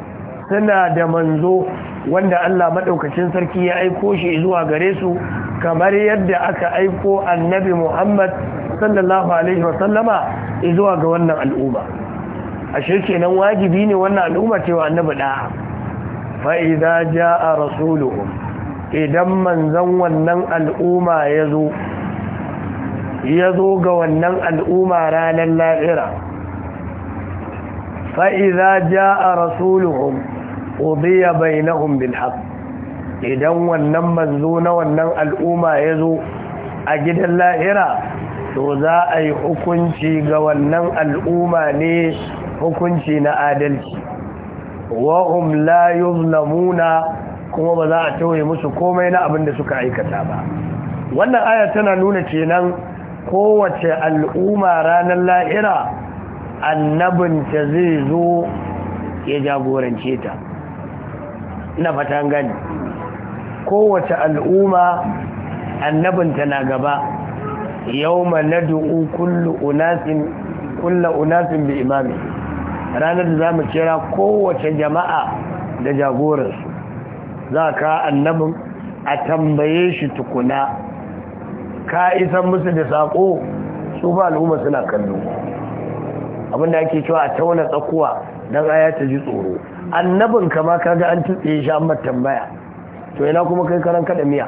suna da manzo wanda Allah maɗaukacin sarki ya aiko shi zuwa gare su kamar yadda aka aiko annabi Muhammad sallallahu alaihi wasallama zuwa ga wannan al'umma ashe kenan wajibi ne wannan al'umma cewa annabi da fa idza jaa rasuluhum idan manzon wannan al'umma yazo yazo ga wannan al'umma ranar lahira fa idza jaa rasuluhum udiya bainahum bil haqq idan wannan manzo na wannan al'umma yazo a gidan lahira to za a yi hukunci ga wannan al'umma ne hukunci na adalci wa'um la yuzlamuna kuma ba za a tawaye musu komai na abin da suka aikata ba wannan aya tana nuna kenan kowace al'umma ranar la'ira annabinta zai zo ya jagorance ta na fatan gani kowace al'umma annabinta na gaba yawma nad'u kullu unasin kullu unasin bi imami ranar da zamu kira kowace jama'a da jagoransu za ka annabin a tambaye shi tukuna ka isan musu da sako su ba al'umma suna kallo abinda ake cewa a tauna tsakuwa don aya ta ji tsoro annabin kama kaga an tutse shi an tambaya to ina kuma kai karan kada miya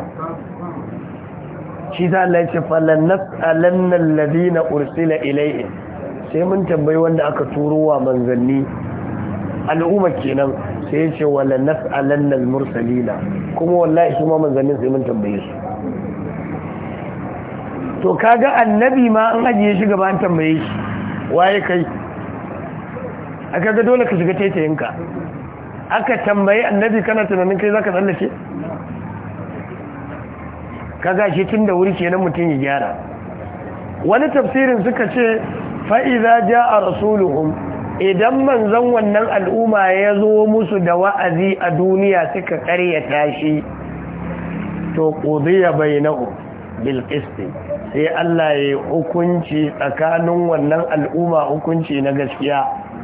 shi za Allah ya ce falannan alladhina ursila ilayhi sai mun tambayi wanda aka turo wa manzanni al'umma kenan sai ya ce wala nas'alanna al-mursalina kuma wallahi shi ma manzannin sai mun tambaye su to kaga annabi ma an ajiye shi gaba an tambaye shi waye kai aka ga dole ka shiga taitayinka aka tambaye annabi kana tunanin kai zaka tsallake kaga shi tun da wuri kenan mutum ya gyara wani tafsirin suka ce fa'iza ja a rasuluhun idan manzan wannan al'umma ya zo musu da wa'azi a duniya suka karya shi to ƙudiya bai na'u bilkisti sai Allah ya hukunci tsakanin wannan al'umma hukunci na gaskiya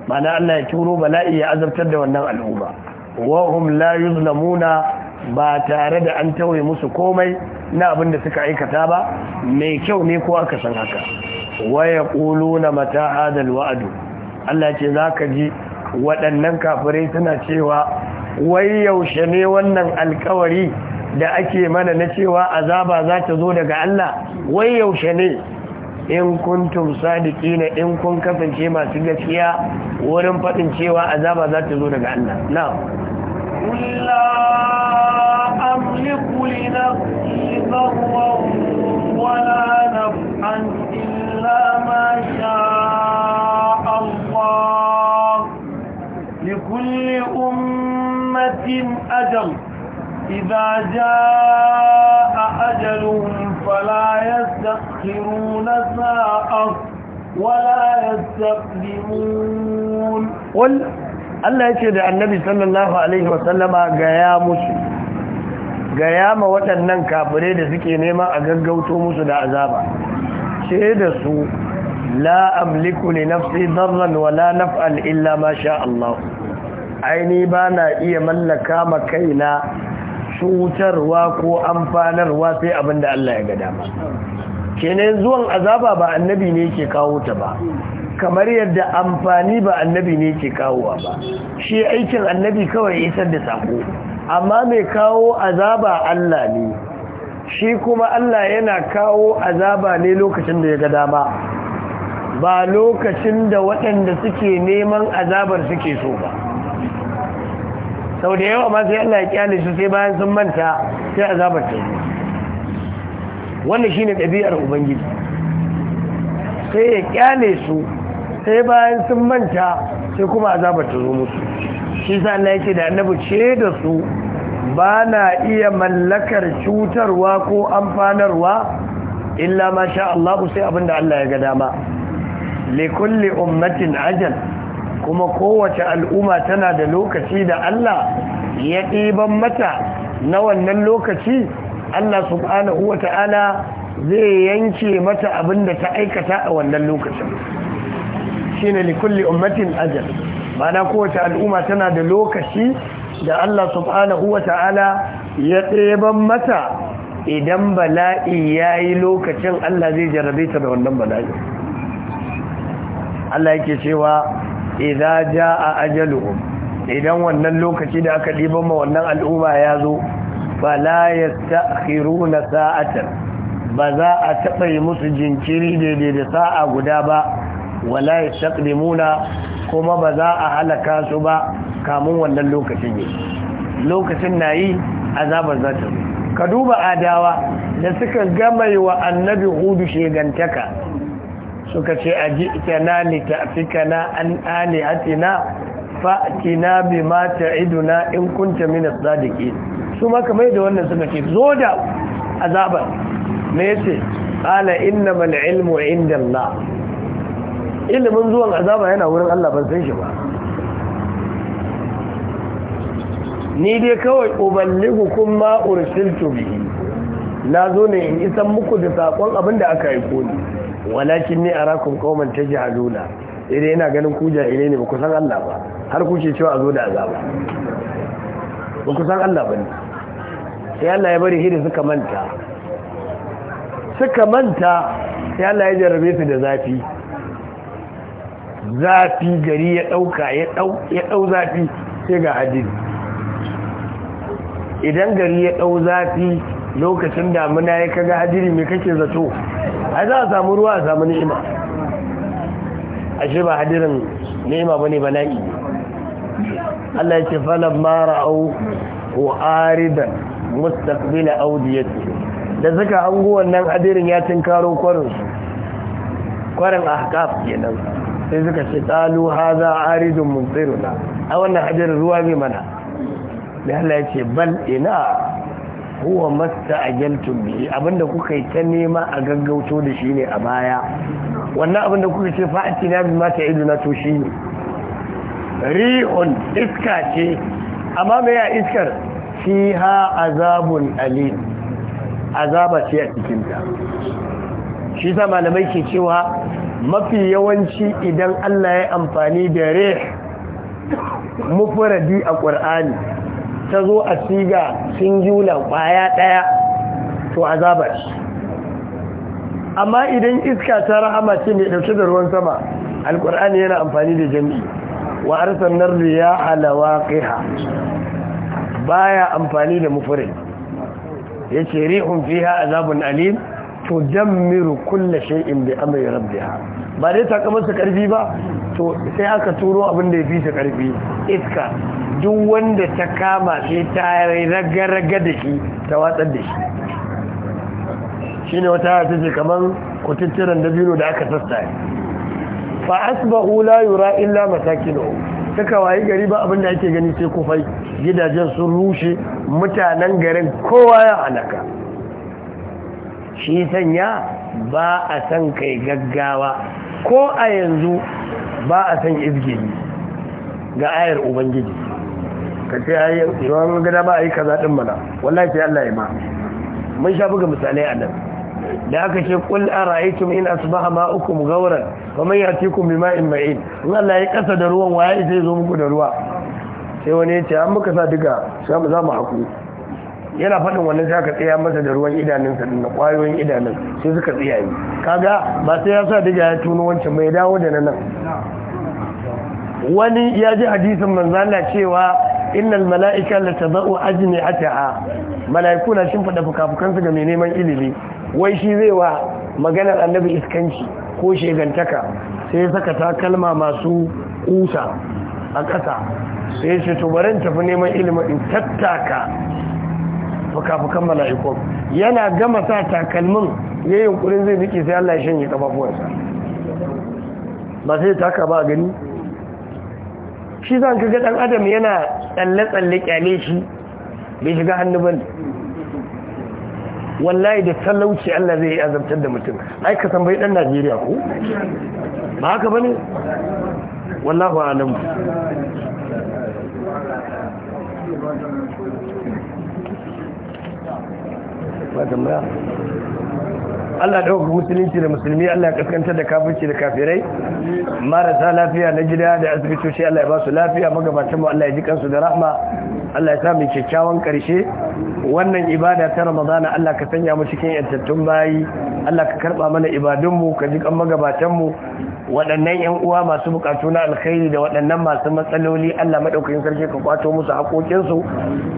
mana Allah ya turo bala'i ya azabtar da wannan al'umma wahum la yuzlamuna ba tare da an tauye musu komai na abin da suka aikata ba mai kyau ne ko aka san haka waya ƙulu na mata hadal wa'adu Allah ce za ka ji waɗannan kafirai suna cewa wai yaushe ne wannan alkawari da ake mana na cewa azaba za ta zo daga Allah wai yaushe ne in tumsa da na in kun kasance masu gaskiya wurin faɗin cewa azaba za ta zo daga Allah na? قل لا أملك لنفسي ضرا ولا نفعا إلا ما شاء الله لكل أمة أجل إذا جاء أجلهم فلا يستأخرون ساعة ولا يستقدمون قل Allah ya ce da annabi sallallahu alaihi wasallama gaya musu gaya ma waɗannan kafirai da suke nema a gaggauto musu da azaba ce da su la amliku li nafsi darran wala naf'al illa ma sha Allah aini ba na iya mallaka ma kaina cutarwa ko amfanarwa sai abinda Allah ya ga dama kenan zuwan azaba ba annabi ne yake kawo ta ba kamar yadda amfani ba annabi ne ke kawowa ba shi aikin annabi kawai isar da sako amma mai kawo azaba Allah ne shi kuma Allah yana kawo azaba ne lokacin da ya ga dama ba lokacin da waɗanda suke neman azabar suke so ba sau da yawa ma sai Allah ya kyale su sai bayan sun manta sai azabar ta wannan ne ɗabi'ar ubangiji sai ya kyale su sai bayan sun manta sai kuma azabar ta zo musu shi sa Allah yake da annabi ce da su ba na iya mallakar cutarwa ko amfanarwa illa ma sha Allah sai abinda Allah ya ga dama li ummatin ajal kuma kowace al'umma tana da lokaci da Allah ya ɗiban mata na wannan lokaci Allah subhanahu wa ta'ala zai yanke mata abinda ta aikata a wannan lokacin shine li kulli ummatin ajal mana kowace al'umma tana da lokaci da Allah subhanahu wata'ala ya ɗeban mata idan bala'i yayi lokacin Allah zai jarrabe ta da wannan bala'i Allah yake cewa idza jaa ajaluhum idan wannan lokaci da aka ɗiban ma wannan al'umma ya zo fala na sa'atan ba za a taɓa yi musu jinkiri daidai da sa'a guda ba wala yastaqdimuna kuma ba za a halaka su ba kamun wannan lokacin ne lokacin nayi azabar zata ka duba adawa da suka gama wa annabi hudu shegantaka suka ce a ji tana ne na an ali hatina fa'atina bi ma iduna in kunta min as su maka mai da wannan suka ce zo da azabar me yace qala innamal ilmu indallah ilimin zuwan azaba yana wurin Allah ban san shi ba ni dai kawai uballigu kun ma ursiltu bihi na zo ne in isan muku da sakon abin da aka yi ni walakin ni arakum qauman tajhaluna idan ina ganin ku jahile ne ba ku san Allah ba har ce cewa a zo da azaba ba ku san Allah ba ne sai Allah ya bari hiri suka manta suka manta sai Allah ya jarrabe su da zafi zafi gari ya ɗauka ya ɗau zafi sai ga hadiri idan gari ya ɗau zafi lokacin damuna ya kaga hadiri mai kake zato a za a samu ruwa a samu ni'ima shi ba hadirin ni'ima ba ne bala'i Allah ya ce falon mara au ko aridan mustaqbila audiyati da suka hango wannan hadirin ya tinkaro kwarinsu kwarin ahqaf kenan sai suka ce ƙalu haza aridun mumtsiruna a wannan hajjar ruwa mai mana da Allah ya ce bal ina huwa masta a geltun biyu abinda kuka yi ta nema a gaggauto da shi ne a baya wannan abinda kuka ce fa'aci na bi mata iduna to shi ne rihun iska ce amma mai ya iskar ha azabun alim azaba ce a cikinta shi sa malamai ke cewa mafi yawanci idan Allah ya amfani da rih mufradi a Qur'ani ta zo a siga singular kwaya ɗaya, to azabar amma idan iska ta rahama ce mai ɗauke da ruwan sama alqur'ani yana amfani da jami'i wa arsalna riyaha ba baya amfani da mufradi yace rihun fiha azabun alim To tudammiru kulla shay'in bi amri rabbiha ba dai ta kamar karfi ba to sai aka turo abin da ya fi ta karfi iska duk wanda ta kama sai ta raga-raga da shi ta watsar da shi shine wata hata ce kaman da dabino da aka sassaye fa asbahu la yura illa masakinuhu suka wayi gari ba abin da ake gani sai kufai gidajen sun rushe mutanen garin kowa ya halaka shi sanya ba a san kai gaggawa ko a yanzu ba a san izgini ga ayar ubangiji ka ce ayi yawan gada ba a yi kaza din mana wallahi sai Allah ya ma mun sha buga misalai a nan da aka ce kul ara'aytum in asbaha ma'ukum gauran fa man yatikum bima'in ma'in in Allah ya kasa da ruwan waye ya zo muku da ruwa sai wani ya ce an muka sa duka za mu haku yana faɗin wannan sai ka tsaya masa da ruwan idanunsa sa na ƙwayoyin idanun sai suka tsaya yi kaga ba sai ya sa diga ya tuno wancan mai dawo da nan wani ya ji hadisin manzana cewa innal mala'ika la tadau ajni'ataha mala'iku na shin fada su ga mai neman ilimi wai shi zai wa maganar annabi iskanci ko shegantaka sai ya saka takalma masu kusa a ƙasa sai shi to bari tafi neman ilimin tattaka fuka-fukan mala'ikun yana gama sa takalmin ya yunkurin zai rike sai Allah ya shanye kafafuwarsa ba sai taka ba gani shi zan ga ɗan adam yana tsalle-tsalle kyale shi bai shiga hannu ba wallahi da talauci Allah zai yi azabtar da mutum ai ka san bai ɗan Najeriya ko ba haka ba ne wallahu alamu Allah Allah ɗaukar musulunci da musulmi Allah ya kaskantar da kafirci da kafirai marasa lafiya na gida da asibitoci Allah ya ba su lafiya magabatanmu, Allah ya ji kansu da rahma Allah ya sami kyakkyawan karshe wannan ibada ta Ramadana Allah ka sanya mu cikin yantattun bayi Allah ka karɓa mana ibadunmu, ka ji kan magabatanmu. waɗannan ‘yan uwa masu bukatu na alkhairi da waɗannan masu matsaloli Allah maɗaukakin sarki ka kwato musu haƙoƙinsu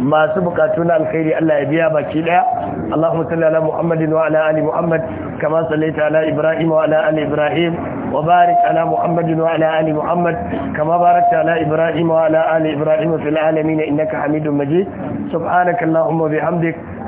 masu bukatu na alkhairi Allah ya biya baki ɗaya Allahumma salli ala Muhammadin wa ala ali Muhammad kama sallaita ala Ibrahim wa ala ali Ibrahim wa barik ala Muhammadin wa ala ali Muhammad kama barakta ala Ibrahim wa ala ali Ibrahim fil alamin innaka Hamidum Majid subhanaka Allahumma bihamdik